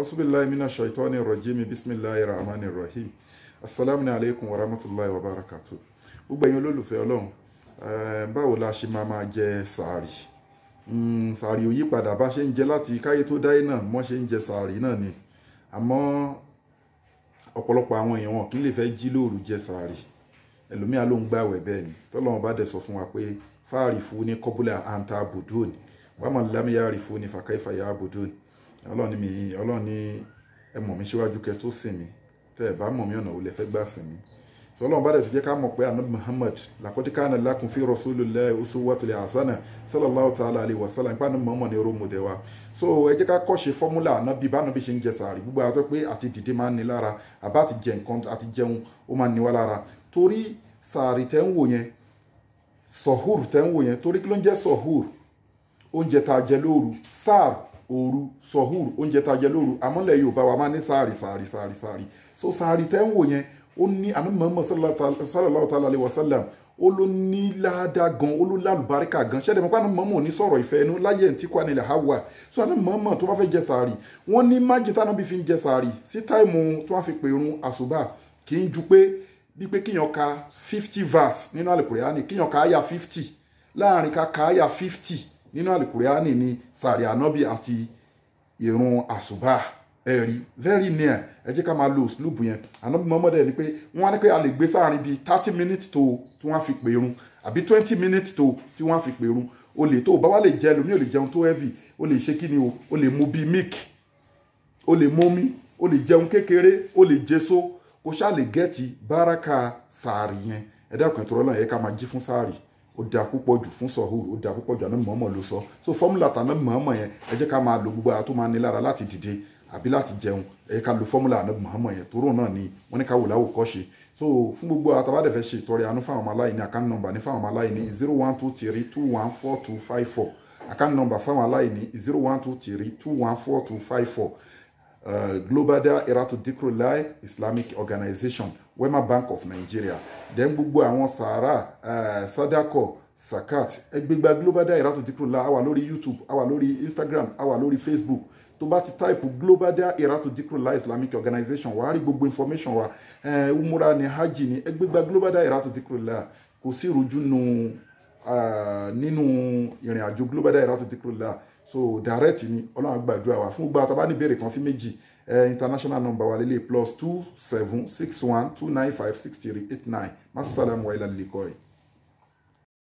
asubilayi mina shaitani rajimi bisimilayi rahman rahim asalaamu alaykum wa rahmatulahi wa barakatu gbogbo ẹ̀yin olólùfẹ́ ọlọ́run eh, báwo la ṣe máa máa jẹ sàárì hmm, sàárì ò yípadà bá ṣe ń jẹ láti káyé tó dáyé náà mọ́ ṣe ń jẹ sàárì náà ni àmọ́ ọ̀pọ̀lọpọ̀ àwọn èèyàn wọn kì í lè fẹ́ jí lóòrù jẹ sàárì ẹlòmíà ló ń gbàwẹ̀ bẹ́ẹ̀ ni tọ́lọ́run bá dẹ̀ sọ fún wa pé fáàrí fún ní kọ́bùlà àǹtà àbùdùn wàmọ̀ lámìyàrí fún ní fàkàìfàyà àbùdùn ọlọ́run mi ọlọ́run ní ẹ mọ̀ mí síwájú kẹ́ tó sìn mí tẹ́ ẹ bá mọ̀ mí ọ̀nà wo lẹ fẹ́ gbà sìn mí ọlọ́run bá dẹ̀ tó jẹ́ ká mọ̀ pé anabi muhammad laqad kana lakum fi rasulillahi uswatun hasana sallallahu ta'ala alayhi wa sallam nípa anabi muhammad ní eré mòdẹ wa so ẹ jẹ́ ká kọ́ṣe fọ́múlà anabi bánabi ṣe ń jẹ sàárì gbogbo àti pé àti dìde máa ń ní lára àbá àti jẹ nǹkan àti jẹun ó máa ń ní wá lára torí sàárì tẹ́ ń wò yẹn sọ̀húr tẹ́ ń wò yẹn torí kí ló ń jẹ́ sọ̀húr oúnjẹ tá a jẹ lóru sáà Oru sọ̀húr oúnjẹ tá a jẹ lóru àmọ́lẹ̀ yorùbá wa máa ní sáàrì sáàrì sáàrì sáàrì so sáàrì tẹ́ ń wò yẹn ó ní àmọ́mọ́ sallallahu ta'ala alayhi wa sallam ó ló ní ládàá gan ó ló lálùbáríkà gan ṣẹ́dẹ̀ mọ́pá náà mọ́mọ́ ní sọ̀rọ̀ ìfẹ́ ẹnu láyé ẹ̀ ń tíkọ́ ànilẹ̀ hawa so àná mọ́mọ́ tó bá fẹ́ jẹ sáàrì wọ́n ní májì táná bí fi ń jẹ sáàrì sí fifty verse nínú àlùkùrẹ́ àní kíyàn ka fifty láàrin ka fifty nínú àlùkùrẹ́ánì ni Sari anobi àti ìrun àsùbà ẹ̀rí very near ẹ jẹ́ ká máa lo òsìlúùbù yẹn ànábì Muhammad ẹ̀ ni pé wọ́n á pé a lè gbé sáàrin bíi thirty minutes to tí wọ́n á fi pè irun àbí twenty minutes to tí wọ́n á fi pè irun o lè tó o bá wà lè jẹ ẹlòmíì ò lè jẹun tó heavy o lè ṣe kí o o lè mu bíi milk o lè mọ́mí o lè jẹun kékeré o lè jésó kó ṣáà lè gẹ́ẹ̀tì báràkà sàárì yẹn ẹ dákun ẹ̀ tó rọ́lá yẹ ká máa jí fún sàárì ó da púpọ̀ jù fún sọ̀húr ó da púpọ̀ jù àná mọ̀ọ́mọ̀ ló sọ so fọ́múlà tàná mọ̀ọ́mọ̀ yẹn ẹ jẹ́ ká máa lo gbogbo ara tó máa ní lára láti dìde àbí láti jẹun ẹ jẹ́ ká lo fọ́múlà àná mọ̀ọ́mọ̀ yẹn tóró náà ni wọ́n ní ká wò láwò kọ́ ṣe so fún gbogbo àtàwádẹ́ fẹ́ ṣe ìtọrẹ àánú fáwọn ọmọ aláìní àkáǹtì nọ́mbà ní fáwọn ọmọ aláìní zero one two three two one four two five four àkáǹtì nọ́mbà fáwọn aláìní zero one two three two one four two five four uh, Global dikro Dhikrlahi Islamic Organization Wema Bank of Nigeria then gbogbo àwọn sahara uh, sadako sakat ẹgbẹgba Global dikro Dhikrlahi àwa lórí YouTube àwa lórí Instagram àwa lórí Facebook tó bá ti táìpù Global dikro Dhikrlahi Islamic Organization wàá rí gbogbo information wa uh, umura ni hajj ni ẹgbẹgba Global Dahiratu Dhikrlahi kò sí ìrújú nù nínú uh, ìrìn àjò Global Dahiratu la so direct ni ọlọ́run á gbàdúrà wa fún gbogbo àtàbá ní ìbéèrè kan sí méjì international number wa lélẹ̀ plus two seven six one two nine five six three eight nine masasalamu wa ilà lílẹ̀ kọ́ ẹ̀.